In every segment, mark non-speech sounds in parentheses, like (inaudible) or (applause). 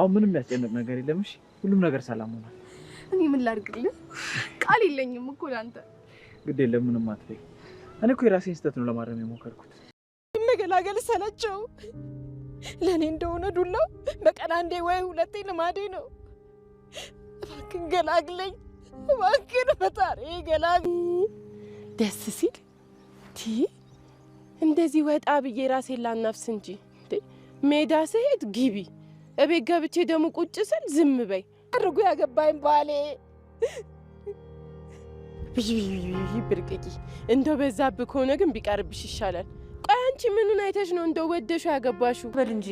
አሁን ምንም የሚያስጨንቅ ነገር የለም። እሺ ሁሉም ነገር ሰላም ሆኗል። እኔ ምን ላድርግልህ? ቃል የለኝም እኮ ለአንተ። ግድ የለም ምንም አትበይ። እኔ እኮ የራሴን ስህተት ነው ለማረም የሞከርኩት። መገላገል ሰለቸው። ለእኔ እንደሆነ ዱላው በቀን አንዴ ወይ ሁለቴ ልማዴ ነው። እባክህን ገላግለኝ፣ እባክህን ፈጣሪ ገላግለኝ። ደስ ሲል ቲ እንደዚህ ወጣ ብዬ ራሴ ላናፍስ እንጂ ሜዳ ስሄድ ግቢ፣ እቤት ገብቼ ደግሞ ቁጭ ስል ዝም በይ አድርጉ ያገባኝ ባሌ ብርቅቂ። እንደው በዛብህ ከሆነ ግን ቢቀርብሽ ይሻላል። ቆይ አንቺ ምኑን አይተሽ ነው እንደው ወደሹ ያገባሹ በል እንጂ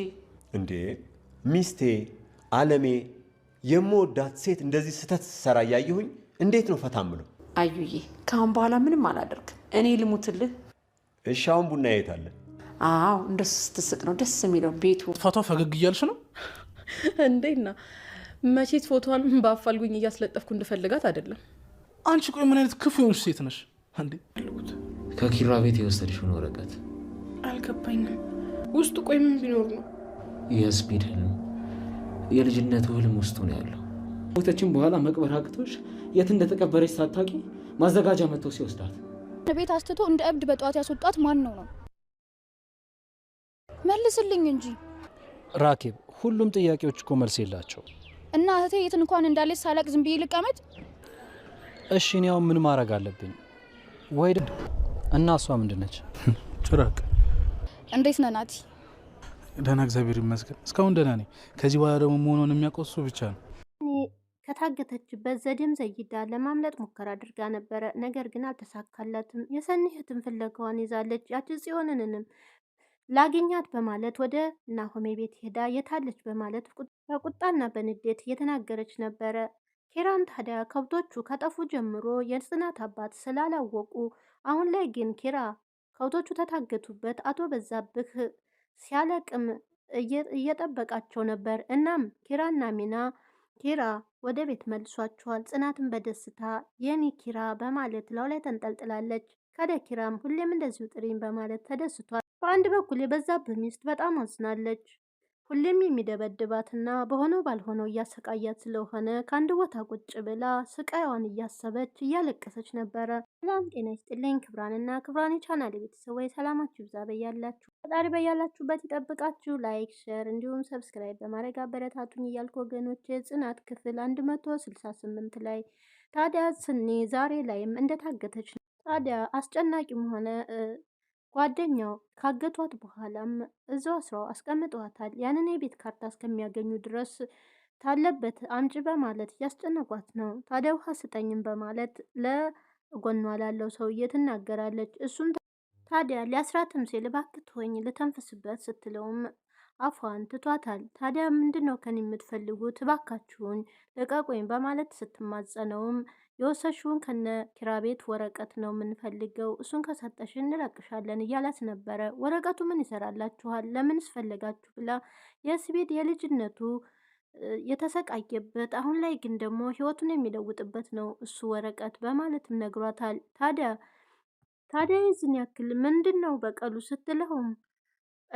እንዴ ሚስቴ አለሜ የምወዳት ሴት እንደዚህ ስተት ሰራ እያየሁኝ እንዴት ነው ፈታ ነው አዩዬ ከአሁን በኋላ ምንም አላደርግም። እኔ ልሙትልህ። እሺ አሁን ቡና የታለ? አዎ እንደሱ ስትስቅ ነው ደስ የሚለው ቤቱ። ፎቶ ፈገግ እያልሽ ነው እንዴና? መቼት ፎቶዋን በአፋልጉኝ እያስለጠፍኩ እንድፈልጋት አይደለም። አንቺ ቆይ ምን አይነት ክፉ የሆንሽ ሴት ነሽ እንዴ? ከኪራ ቤት የወሰድሽውን ወረቀት አልገባኝም። ውስጡ ቆይ ምን ቢኖር ነው? የስፒድ ህልም፣ የልጅነት ህልም ውስጡ ነው ያለው። ሞተችን በኋላ መቅበር አቅቶሽ የት እንደተቀበረች ሳታቂ ማዘጋጃ መጥቶ ሲወስዳት ቤት አስትቶ እንደ እብድ በጠዋት ያስወጣት ማን ነው ነው? መልስልኝ እንጂ ራኬብ። ሁሉም ጥያቄዎች እኮ መልስ የላቸው እና እህቴ የት እንኳን እንዳለች ሳላቅ ዝም ብዬ ልቀመጥ? እሺ እኔ ምን ማድረግ አለብኝ? ወይ እና እሷ ምንድን ነች? (laughs) ጭራቅ እንዴት ነናት? ደህና እግዚአብሔር ይመስገን። እስካሁን ደህና ነኝ። ከዚህ በኋላ ደግሞ መሆኗን የሚያውቀው እሱ ብቻ ነው። ከታገተችበት ዘዴም ዘይዳ ለማምለጥ ሙከራ አድርጋ ነበረ። ነገር ግን አልተሳካለትም የሰኒ ፍለጋዋን ይዛለች። ያቺ ጽዮንንንም ላግኛት በማለት ወደ ናሆሜ ቤት ሄዳ የታለች በማለት በቁጣና በንዴት እየተናገረች ነበረ። ኬራም ታዲያ ከብቶቹ ከጠፉ ጀምሮ የጽናት አባት ስላላወቁ፣ አሁን ላይ ግን ኬራ ከብቶቹ ተታገቱበት አቶ በዛብህ ሲያለቅም እየጠበቃቸው ነበር። እናም ኬራና ሚና ኪራ ወደ ቤት መልሷቸዋል። ጽናትን በደስታ የኔ ኪራ በማለት ላው ላይ ተንጠልጥላለች። ካደ ኪራም ሁሌም እንደዚሁ ጥሪኝ በማለት ተደስቷል። በአንድ በኩል የበዛብህ ሚስት በጣም አዝናለች። ሁሌም የሚደበድባትና በሆነው ባልሆነው እያሰቃያት ስለሆነ ከአንድ ቦታ ቁጭ ብላ ስቃይዋን እያሰበች እያለቀሰች ነበረ። ሰላም ጤና ይስጥልኝ ክብራንና ክብራን የቻናል ቤተሰብ ወይ ሰላማችሁ ይብዛ በያላችሁ ፈጣሪ በያላችሁበት ይጠብቃችሁ። ላይክ፣ ሼር እንዲሁም ሰብስክራይብ በማድረግ አበረታቱኝ እያልኩ ወገኖች ጽናት ክፍል 168 ላይ ታዲያ ስኒ ዛሬ ላይም እንደታገተች ነው። ታዲያ አስጨናቂም ሆነ ጓደኛው ካገቷት በኋላም እዛው አስረው አስቀምጠዋታል። ያንን የቤት ካርታ እስከሚያገኙ ድረስ ታለበት አምጪ በማለት እያስጨነቋት ነው። ታዲያ ውሃ ስጠኝም በማለት ለጎኗ ላለው ሰውዬ ትናገራለች። እሱም ታዲያ ሊያስራትም ሲል እባክህ ትሆኝ ልተንፍስበት ስትለውም አፏን ትቷታል። ታዲያ ምንድን ነው ከኔ የምትፈልጉት? እባካችሁን ልቀቁኝ በማለት ስትማጸነውም የወሰሽውን ከነ ኪራ ቤት ወረቀት ነው የምንፈልገው፣ እሱን ከሰጠሽ እንለቅሻለን እያላት ነበረ። ወረቀቱ ምን ይሰራላችኋል? ለምን ስፈለጋችሁ? ብላ የስቤድ የልጅነቱ የተሰቃየበት አሁን ላይ ግን ደግሞ ህይወቱን የሚለውጥበት ነው እሱ ወረቀት በማለትም ነግሯታል። ታዲያ ታዲያ የዚህን ያክል ምንድን ነው በቀሉ ስትለውም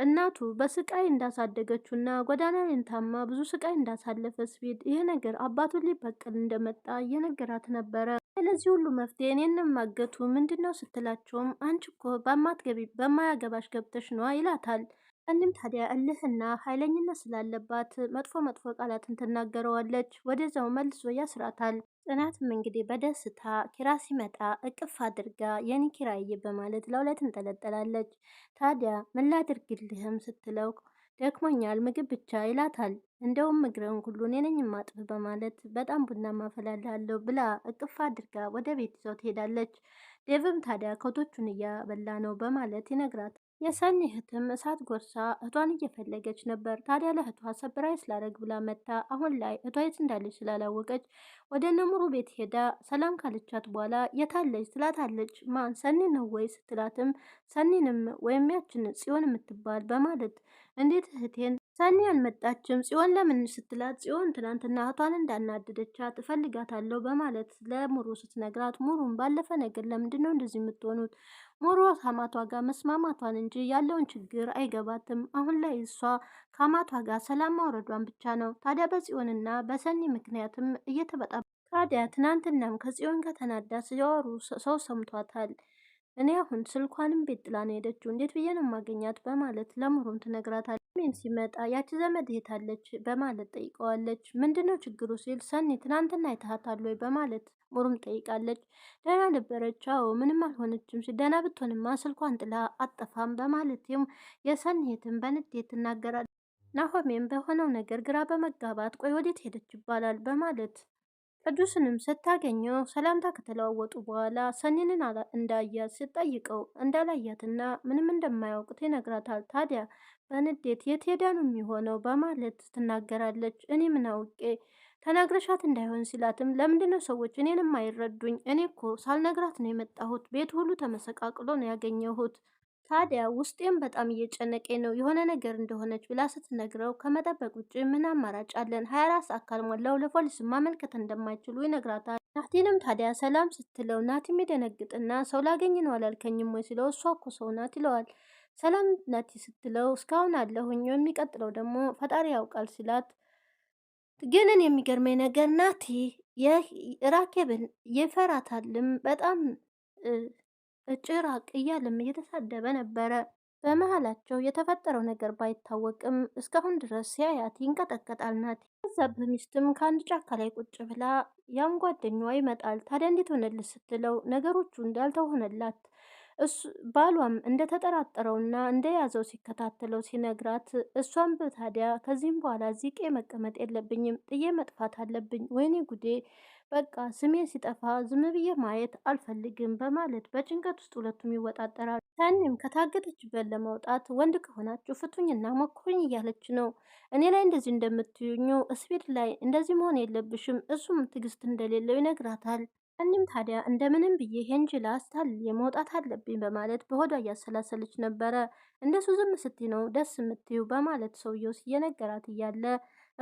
እናቱ በስቃይ እንዳሳደገችውና ጎዳና ላይ ታማ ብዙ ስቃይ እንዳሳለፈ ስፊድ ይህ ነገር አባቱን ሊበቀል እንደመጣ እየነገራት ነበረ። ለዚህ ሁሉ መፍትሄ እኔን ማገቱ ምንድን ነው ስትላቸውም አንቺ እኮ በማትገቢ በማያገባሽ ገብተሽ ነዋ ይላታል። እንም ታዲያ እልህና ኃይለኝነት ስላለባት መጥፎ መጥፎ ቃላትን ትናገረዋለች። ወደዛው መልሶ ያስራታል። ጽናትም እንግዲህ በደስታ ኪራ ሲመጣ እቅፍ አድርጋ የኔ ኪራዬ በማለት ለው ትንጠለጠላለች። ታዲያ ምን ላድርግልህም ስትለው ደክሞኛል ምግብ ብቻ ይላታል። እንደውም ምግርን ሁሉ እኔ ነኝ ማጥፍ በማለት በጣም ቡና ማፈላለሁ ብላ እቅፍ አድርጋ ወደ ቤት ይዘው ትሄዳለች። ዴቭም ታዲያ ከቶቹን እያበላ ነው በማለት ይነግራታል። የሰኒ እህትም እሳት ጎርሳ እህቷን እየፈለገች ነበር። ታዲያ ለእህቷ ሰብራይስ ላረግ ብላ መታ። አሁን ላይ እህቷ የት እንዳለች ስላላወቀች ወደ ነሙሩ ቤት ሄዳ ሰላም ካለቻት በኋላ የታለች ትላታለች። ማን ሰኒ ነው ወይ ስትላትም ሰኒንም ወይም ያችን ጽዮን የምትባል በማለት እንዴት እህቴን ሰኔ አልመጣችም። ጽዮን ለምን ስትላት ጽዮን ትናንትና እህቷን እንዳናደደቻት እፈልጋታለሁ በማለት ለሙሩ ስትነግራት ሙሩን ባለፈ ነገር ለምንድን ነው እንደዚህ የምትሆኑት? ሙሩ ከአማቷ ጋር መስማማቷን እንጂ ያለውን ችግር አይገባትም። አሁን ላይ እሷ ከአማቷ ጋር ሰላም ማውረዷን ብቻ ነው። ታዲያ በጽዮንና በሰኒ ምክንያትም እየተበጣ ታዲያ ትናንትናም ከጽዮን ጋር ተናዳ ሲያወሩ ሰው ሰምቷታል። እኔ አሁን ስልኳንም ቤት ጥላ ነው ሄደችው፣ እንዴት ብዬ ነው ማገኛት በማለት ለምሩም ትነግራታለች። ሜን ሲመጣ ያቺ ዘመድ የታለች በማለት ጠይቀዋለች። ምንድነው ችግሩ ሲል ሰኒ ትናንትና አይተሃታል ወይ በማለት ሙሩም ጠይቃለች። ደህና ነበረች፣ አዎ ምንም አልሆነችም ሲል ደህና ብትሆንማ ስልኳን ጥላ አጠፋም በማለትም የሰኒትን በንዴት ትናገራለች። ናሆሜም በሆነው ነገር ግራ በመጋባት ቆይ ወዴት ሄደች ይባላል በማለት ቅዱስንም ስታገኘው ሰላምታ ከተለዋወጡ በኋላ ሰኒንን እንዳያት ስጠይቀው እንዳላያትና ምንም እንደማያውቅ ይነግራታል። ታዲያ በንዴት የት ሄዳ ነው የሚሆነው በማለት ትናገራለች። እኔ ምን አውቄ ተናግረሻት እንዳይሆን ሲላትም ለምንድነው ሰዎች እኔንም አይረዱኝ? እኔ እኮ ሳልነግራት ነው የመጣሁት። ቤት ሁሉ ተመሰቃቅሎ ነው ያገኘሁት። ታዲያ ውስጤም በጣም እየጨነቀ ነው የሆነ ነገር እንደሆነች ብላ ስትነግረው ከመጠበቅ ውጭ ምን አማራጭ አለን? ሀያ አራት አካል ሞላው ለፖሊስ ማመልከት እንደማይችሉ ይነግራታል። ናቲንም ታዲያ ሰላም ስትለው ናቲም ይደነግጥና ሰው ላገኝ ነው አላልከኝም ወይ ሲለው እሷ እኮ ሰው ናት ይለዋል። ሰላም ናቲ ስትለው እስካሁን አለሁኝ የሚቀጥለው ደግሞ ፈጣሪ ያውቃል ሲላት፣ ግንን የሚገርመኝ ነገር ናቲ ራኬብን ይፈራታልም በጣም ጭራቅ እያለም እየተሳደበ ነበረ። በመሃላቸው የተፈጠረው ነገር ባይታወቅም እስካሁን ድረስ ሲያያት ይንቀጠቀጣል። ናት ከዛብህ ሚስትም ከአንድ ጫካ ላይ ቁጭ ብላ ያም ጓደኛዋ ይመጣል። ታዲያ እንዴት ሆነልህ ስትለው ነገሮቹ እንዳልተሆነላት እሱ ባሏም እንደተጠራጠረውና እንደያዘው ሲከታተለው ሲነግራት እሷም በታዲያ ከዚህም በኋላ ዚቄ መቀመጥ የለብኝም ጥዬ መጥፋት አለብኝ፣ ወይኔ ጉዴ በቃ ስሜ ሲጠፋ ዝም ብዬ ማየት አልፈልግም በማለት በጭንቀት ውስጥ ሁለቱም ይወጣጠራሉ። ሰኒም ከታገተችበት ለመውጣት ወንድ ከሆናችሁ ፍቱኝና ሞክሩኝ እያለች ነው። እኔ ላይ እንደዚህ እንደምትዩኙ እስቤድ ላይ እንደዚህ መሆን የለብሽም እሱም ትዕግስት እንደሌለው ይነግራታል። ሰኒም ታዲያ እንደምንም ብዬ ሄንጅላ ስታል የመውጣት አለብኝ በማለት በሆዷ እያሰላሰለች ነበረ። እንደሱ ዝም ስትይ ነው ደስ የምትዩ በማለት ሰውየው እየነገራት እያለ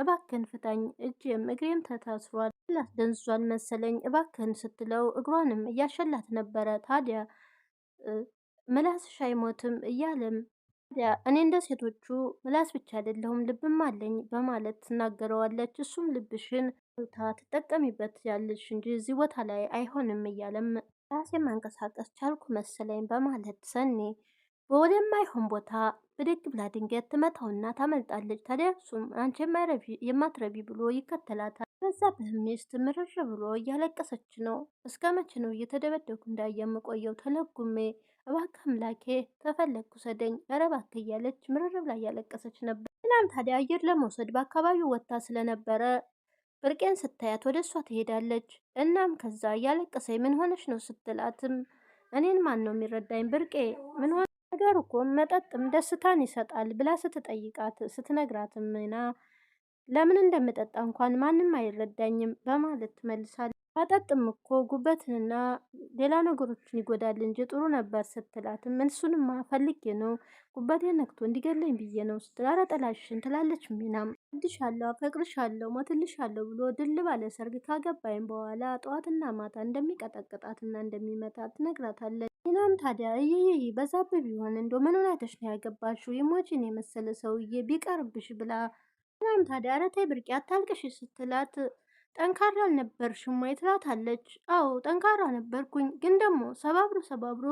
እባክን ፍታኝ፣ እጅም እግሬም ተታስሯል፣ ላስደንዝዟል መሰለኝ እባክን ስትለው እግሯንም እያሸላት ነበረ። ታዲያ ምላስሽ አይሞትም እያለም ታዲያ እኔ እንደ ሴቶቹ ምላስ ብቻ አይደለሁም ልብም አለኝ በማለት ትናገረዋለች። እሱም ልብሽን ታ ትጠቀሚበት ያለሽ እንጂ እዚህ ቦታ ላይ አይሆንም እያለም ራሴ ማንቀሳቀስ ቻልኩ መሰለኝ በማለት ሰኔ ወደማይሆን ቦታ ብድግ ብላ ድንገት ትመታውና ታመልጣለች። ታዲያ እሱም አንቺ የማትረቢ ብሎ ይከተላታል። በዛብህም ሚስት ምርር ብሎ እያለቀሰች ነው። እስከ መቼ ነው እየተደበደኩ እንዳየ የምቆየው? ተለጉሜ እባክህ አምላኬ ተፈለግኩ ሰደኝ፣ ኧረ እባክህ እያለች ምርር ብላ እያለቀሰች ነበር። እናም ታዲያ አየር ለመውሰድ በአካባቢው ወጥታ ስለነበረ ብርቄን ስታያት ወደ እሷ ትሄዳለች። እናም ከዛ እያለቀሰኝ ምን ሆነች ነው ስትላትም እኔን ማን ነው የሚረዳኝ ብርቄ ምን ነገር እኮ መጠጥም ደስታን ይሰጣል ብላ ስትጠይቃት ስትነግራትም ምና ለምን እንደምጠጣ እንኳን ማንም አይረዳኝም በማለት ትመልሳለች። መጠጥም እኮ ጉበትንና ሌላ ነገሮችን ይጎዳል እንጂ ጥሩ ነበር ስትላትም እንሱንማ ፈልጌ ነው ጉበቴ ነክቶ እንዲገለኝ ብዬ ነው ስትል ኧረ ጥላሽን ትላለች። ሚናም እድሻለሁ፣ አፈቅርሻለሁ፣ ሞትልሻለሁ ብሎ ድል ባለ ሰርግ ካገባይም በኋላ ጠዋትና ማታ እንደሚቀጠቅጣትና እንደሚመታት ትነግራታለች። ቲናም ታዲያ እየይ በዛብህ ቢሆን እንዶ ምን ሆናተሽ ነው ያገባሽው የሟችን የመሰለ ሰውዬ ቢቀርብሽ ብላ ቲናም ታዲያ ኧረ ተይ ብርቄ አታልቅሽ ስትላት ጠንካራ አልነበርሽም ወይ ትላታለች። አዎ ጠንካራ ነበርኩኝ፣ ግን ደግሞ ሰባብሮ ሰባብሮ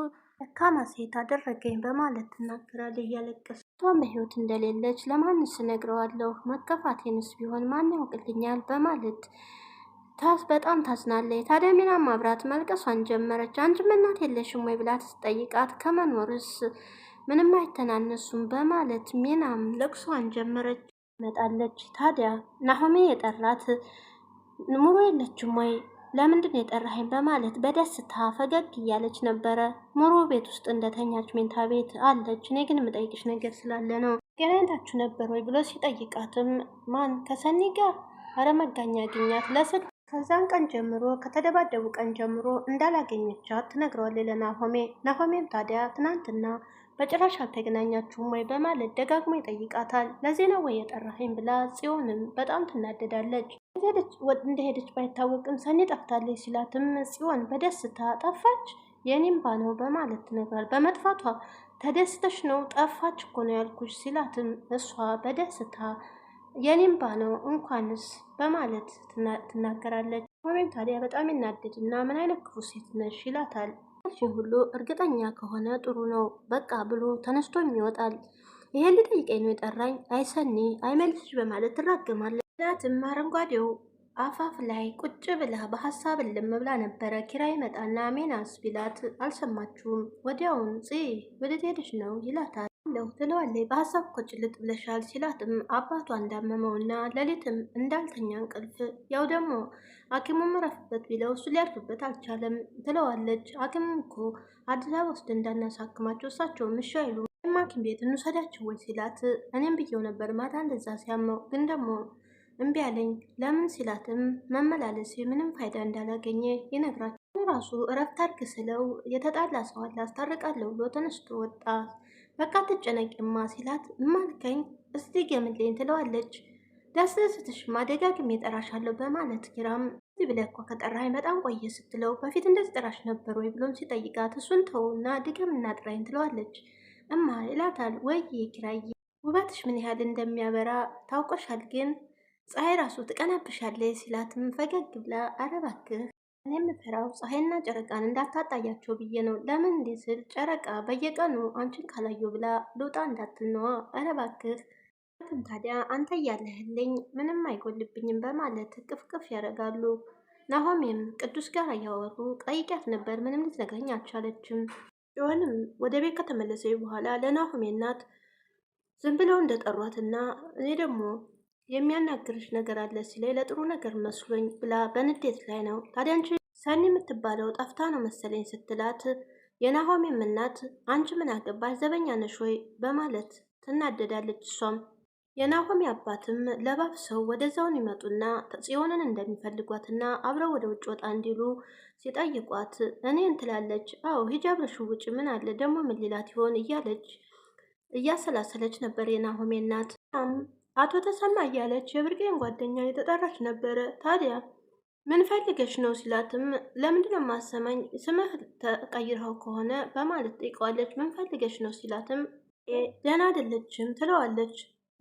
ደካማ ሴት አደረገኝ በማለት ትናገራለች እያለቀሰች። እሷም በህይወት እንደሌለች ለማንስ እነግረዋለሁ? መከፋቴንስ ቢሆን ማን ያውቅልኛል? በማለት ታስ በጣም ታዝናለች። ታዲያ ሚና ማብራት መልቀሷን ጀመረች። አንቺም እናት የለሽም ወይ ብላ ስትጠይቃት ከመኖርስ ምንም አይተናነሱም በማለት ሚናም ለቅሷን ጀመረች። መጣለች ታዲያ ናሆሜ የጠራት ሙሉ የለችም ወይ ለምንድን የጠራኸኝ? በማለት በደስታ ፈገግ እያለች ነበረ። ሙሩ ቤት ውስጥ እንደተኛች ሜንታ ቤት አለች። እኔ ግን የምጠይቅሽ ነገር ስላለ ነው። ገናኝታችሁ ነበር ወይ ብሎ ሲጠይቃትም ማን ከሰኒ ጋር አረ መጋኛ ለስል ከዛን ቀን ጀምሮ ከተደባደቡ ቀን ጀምሮ እንዳላገኘቻት ትነግረዋለች ለናሆሜ። ናሆሜም ታዲያ ትናንትና በጭራሽ አልተገናኛችሁም ወይ በማለት ደጋግሞ ይጠይቃታል። ለዜና ወይ የጠራኸኝ ብላ ጽዮንም በጣም ትናደዳለች። እንደሄደች ባይታወቅም ሰኔ ጠፍታለች ሲላትም ጽዮን በደስታ ጠፋች የኔም ባነው በማለት ትነግራል። በመጥፋቷ ተደስተሽ ነው ጠፋች እኮ ነው ያልኩሽ ሲላትም እሷ በደስታ የኔምባ ነው እንኳንስ በማለት ትናገራለች። ሞሜን ታዲያ በጣም ይናደድ እና ምን አይነት ክፉ ሴት ነሽ ይላታል። ያልሽን ሁሉ እርግጠኛ ከሆነ ጥሩ ነው በቃ ብሎ ተነስቶም ይወጣል። ይሄን ልጠይቀኝ ነው የጠራኝ አይሰኒ አይመልስሽ በማለት ትራገማለች። ናትም አረንጓዴው አፋፍ ላይ ቁጭ ብላ በሀሳብ ልም ብላ ነበረ። ኪራይ መጣና ሜናስ ቢላት አልሰማችሁም። ወዲያውን ጽ ወደ ትሄደሽ ነው ይላታል። አምናለሁ ትለዋለች። በሀሳብ እኮ ጭልጥ ብለሻል ሲላትም አባቷ እንዳመመውና ሌሊትም እንዳልተኛ እንቅልፍ ያው ደግሞ ሐኪሙም ምረፍበት ቢለው እሱ ሊያርፍበት አልቻለም ትለዋለች። ሐኪሙም እኮ አዲስ አበባ ውስጥ እንዳናሳክማቸው እሳቸው ምሻ አይሉ ሐኪም ቤት እንውሰዳቸው ወይ ሲላት እኔም ብየው ነበር ማታ እንደዛ ሲያመው ግን ደግሞ እምቢ አለኝ። ለምን ሲላትም መመላለሴ ምንም ፋይዳ እንዳላገኘ ይነግራቸው ራሱ እረፍት አድርግ ስለው የተጣላ ሰው አለ አስታርቃለሁ ብሎ ተነስቶ ወጣ። በቃ ትጨነቂማ ሲላት ማልከኝ እስቲ ገምልኝ ትለዋለች። ዳስደስትሽማ ደጋግሜ እጠራሻለሁ በማለት ኪራም እዚህ ብለህ እኮ ከጠራኸኝ በጣም ቆየ ስትለው በፊት እንደዚህ ጠራሽ ነበር ወይ ብሎም ሲጠይቃት እሱን ተውና ድገምና ጥራኝ ትለዋለች። እማ ይላታል። ወይ ኪራዬ ውበትሽ ምን ያህል እንደሚያበራ ታውቀሻል፣ ግን ፀሐይ ራሱ ትቀናብሻለች ሲላትም ፈገግ ብላ አረባክህ እኔ የምፈራው ፀሐይና ጨረቃን እንዳታጣያቸው ብዬ ነው። ለምን እንዲህ ስል ጨረቃ በየቀኑ አንቺን ካላየሁ ብላ ልውጣ እንዳትነዋ ነዋ። ኧረ እባክህ ታዲያ አንተ እያለህልኝ ምንም አይጎልብኝም በማለት ቅፍቅፍ ያደርጋሉ። ናሆሜም ቅዱስ ጋር እያወሩ ጠይቂያት ነበር፣ ምንም ልትነግረኝ አልቻለችም። ሲሆንም ወደ ቤት ከተመለሰ በኋላ ለናሆሜ እናት ዝም ብለው እንደጠሯትና እኔ ደግሞ የሚያናግርሽ ነገር አለ ሲለኝ ለጥሩ ነገር መስሎኝ ብላ በንዴት ላይ ነው። ታዲያ አንቺ ሰኒ የምትባለው ጠፍታ ነው መሰለኝ ስትላት የናሆሜም እናት አንቺ ምን አገባሽ ዘበኛ ነሽ ወይ በማለት ትናደዳለች። እሷም የናሆሜ አባትም ለባብ ሰው ወደዛውን ይመጡና ጽዮንን እንደሚፈልጓትና አብረው ወደ ውጭ ወጣ እንዲሉ ሲጠይቋት እኔን ትላለች። አዎ ሂጃብሽ ውጭ ምን አለ ደግሞ ምን ሊላት ይሆን እያለች እያሰላሰለች ነበር የናሆሜ እናት። አቶ ተሰማ እያለች የብርቄን ጓደኛ የተጠራች ነበረ ታዲያ ምን ፈልገሽ ነው ሲላትም ለምንድን ነው የማሰማኝ ስምህ ተቀይረው ከሆነ በማለት ጠይቀዋለች። ምን ፈልገሽ ነው ሲላትም ደህና አይደለችም ትለዋለች።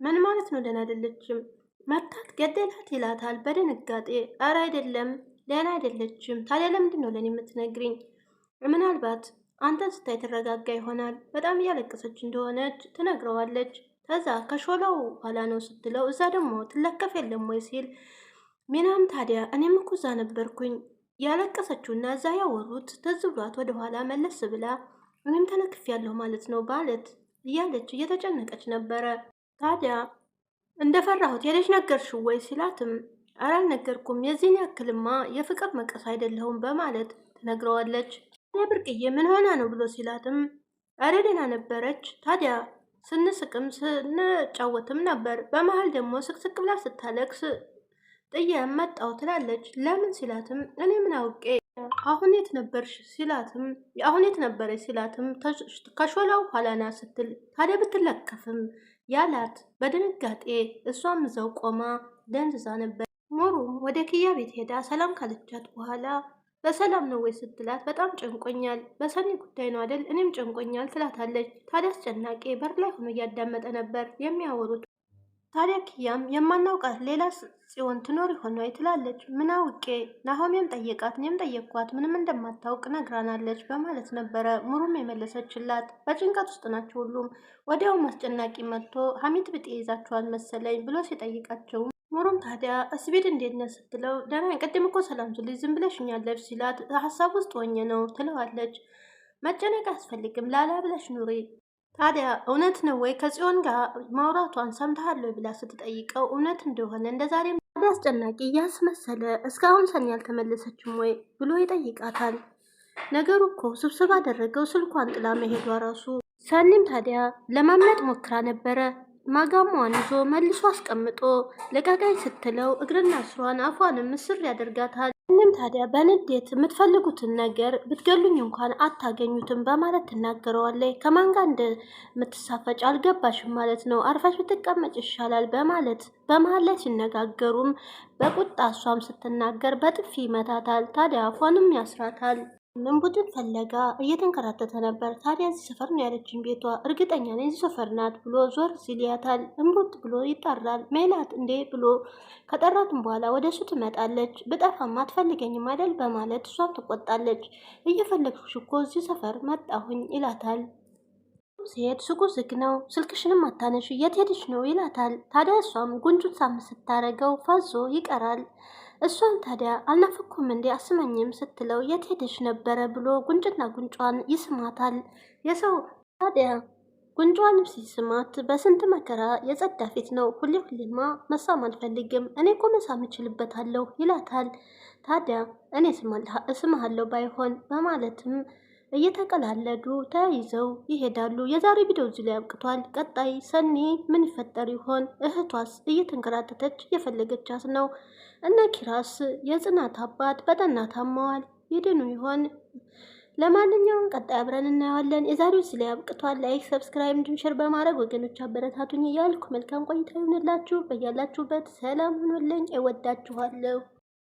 ምን ማለት ነው ደህና አይደለችም? መታት ገደላት ይላታል በድንጋጤ። ኧረ አይደለም ደህና አይደለችም። ታዲያ ለምንድን ነው ለእኔ የምትነግሪኝ? ምናልባት አንተን ስታይ ተረጋጋ ይሆናል። በጣም እያለቀሰች እንደሆነች ትነግረዋለች። ከዛ ከሾላው ኋላ ነው ስትለው እዛ ደግሞ ትለከፍ የለም ወይ ሲል ሚናም ታዲያ እኔም እኮ እዛ ነበርኩኝ ያለቀሰችውና እዛ ያወሩት ትዝ ብሏት ወደኋላ መለስ ብላ እኔም ተነክፍ ያለሁ ማለት ነው ባለት እያለች እየተጨነቀች ነበረ። ታዲያ እንደፈራሁት ሄደሽ ነገርሽው ወይ ሲላትም ኧረ አልነገርኩም፣ የዚህን ያክልማ የፍቅር መቀስ አይደለሁም በማለት ትነግረዋለች። ብርቅዬ ምን ሆና ነው ብሎ ሲላትም ኧረ ደህና ነበረች። ታዲያ ስንስቅም ስንጫወትም ነበር። በመሀል ደግሞ ስቅስቅ ብላ ስታለቅስ ጥዬ መጣው ትላለች። ለምን ሲላትም እኔ ምን አውቄ አሁን የት ነበርሽ ሲላትም አሁን የት ነበረች ሲላትም ከሾላው ኋላና ስትል ታዲያ ብትለከፍም ያላት በድንጋጤ እሷም እዛው ቆማ ደንዝዛ ነበር። ሙሩም ወደ ክያ ቤት ሄዳ ሰላም ካለቻት በኋላ በሰላም ነው ወይ ስትላት በጣም ጨንቆኛል፣ በሰኒ ጉዳይ ነው አደል? እኔም ጨንቆኛል ትላታለች። ታዲያ አስጨናቂ በር ላይ ሆኖ እያዳመጠ ነበር የሚያወሩት ታዲያ ኪያም የማናውቃት ሌላ ጽዮን ትኖር ይሆን ወይ ትላለች። ምን አውቄ ናሆሜም ጠየቃት፣ እኔም ጠየቅኳት፣ ምንም እንደማታውቅ ነግራናለች በማለት ነበረ ሙሩም የመለሰችላት። በጭንቀት ውስጥ ናቸው ሁሉም። ወዲያውም አስጨናቂ መጥቶ ሀሚት ብጤ ይዛችኋል መሰለኝ ብሎ ሲጠይቃቸው ሙሩም ታዲያ እስቢድ እንዴት ነው ስትለው፣ ደህና ቅድም እኮ ሰላም ስልሽ ዝም ብለሽኛለች ሲላት፣ ሀሳብ ውስጥ ሆኜ ነው ትለዋለች። መጨነቅ አያስፈልግም ላላ ብለሽ ኑሪ ታዲያ እውነት ነው ወይ ከጽዮን ጋር ማውራቷን ሰምተሃል ወይ ብላ ስትጠይቀው እውነት እንደሆነ እንደ ታዲያ አስጨናቂ እያስመሰለ እስካሁን ሰኒ ያልተመለሰችም ወይ ብሎ ይጠይቃታል። ነገሩ እኮ ስብስብ አደረገው ስልኳን ጥላ መሄዷ ራሱ። ሰኒም ታዲያ ለማምለጥ ሞክራ ነበረ። ማጋሟን ይዞ መልሶ አስቀምጦ ለቃቃይ ስትለው እግርና ስሯን አፏንም ምስር ያደርጋታል። እንም ታዲያ በንዴት የምትፈልጉትን ነገር ብትገሉኝ እንኳን አታገኙትም በማለት ትናገረዋለች። ከማን ጋር እንደምትሳፈጭ አልገባሽም ማለት ነው፣ አርፋሽ ብትቀመጭ ይሻላል በማለት በመሀል ላይ ሲነጋገሩም በቁጣ እሷም ስትናገር በጥፊ ይመታታል። ታዲያ አፏንም ያስራታል። ምን ቡድን ፈለጋ እየተንከራተተ ነበር። ታዲያ እዚህ ሰፈር ነው ያለችን ቤቷ፣ እርግጠኛ ነኝ እዚህ ሰፈር ናት ብሎ ዞር ሲል ያታል። ብሎ ይጠራል። ሜላት እንዴ ብሎ ከጠራትም በኋላ ወደ እሱ ትመጣለች። ብጠፋማ አትፈልገኝም አይደል በማለት እሷም ትቆጣለች። እየፈለግሽ እኮ እዚህ ሰፈር መጣሁኝ ይላታል። ሲሄድ ሱቁ ዝግ ነው፣ ስልክሽንም አታነሽ የት ሄድሽ ነው ይላታል። ታዲያ እሷም ጉንጩን ሳም ስታረገው ፋዞ ይቀራል። እሷም ታዲያ አልናፈኩም እንዴ አስመኝም ስትለው የት ሄድሽ ነበረ ብሎ ጉንጭና ጉንጯን ይስማታል። የሰው ታዲያ ጉንጯን ሲስማት በስንት መከራ የጸዳ ፊት ነው። ሁሌ ሁሌማ መሳም አልፈልግም እኔ እኮ መሳም እችልበታለሁ ይላታል። ታዲያ እኔ እስምሃለሁ ባይሆን በማለትም እየተቀላለዱ ተያይዘው ይሄዳሉ። የዛሬ ቪዲዮ እዚህ ላይ አብቅቷል። ቀጣይ ሰኒ ምን ይፈጠር ይሆን? እህቷስ እየተንከራተተች እየፈለገቻት ነው። እነ ኪራስ የጽናት አባት በጠና ታመዋል። ይድኑ ይሆን? ለማንኛውም ቀጣይ አብረን እናየዋለን። የዛሬው እዚህ ላይ አብቅቷል። ላይክ፣ ሰብስክራይብ እንዲሁም ሼር በማድረግ ወገኖች አበረታቱኝ እያልኩ መልካም ቆይታ ይሁንላችሁ። በያላችሁበት ሰላም ሁኑልኝ። እወዳችኋለሁ።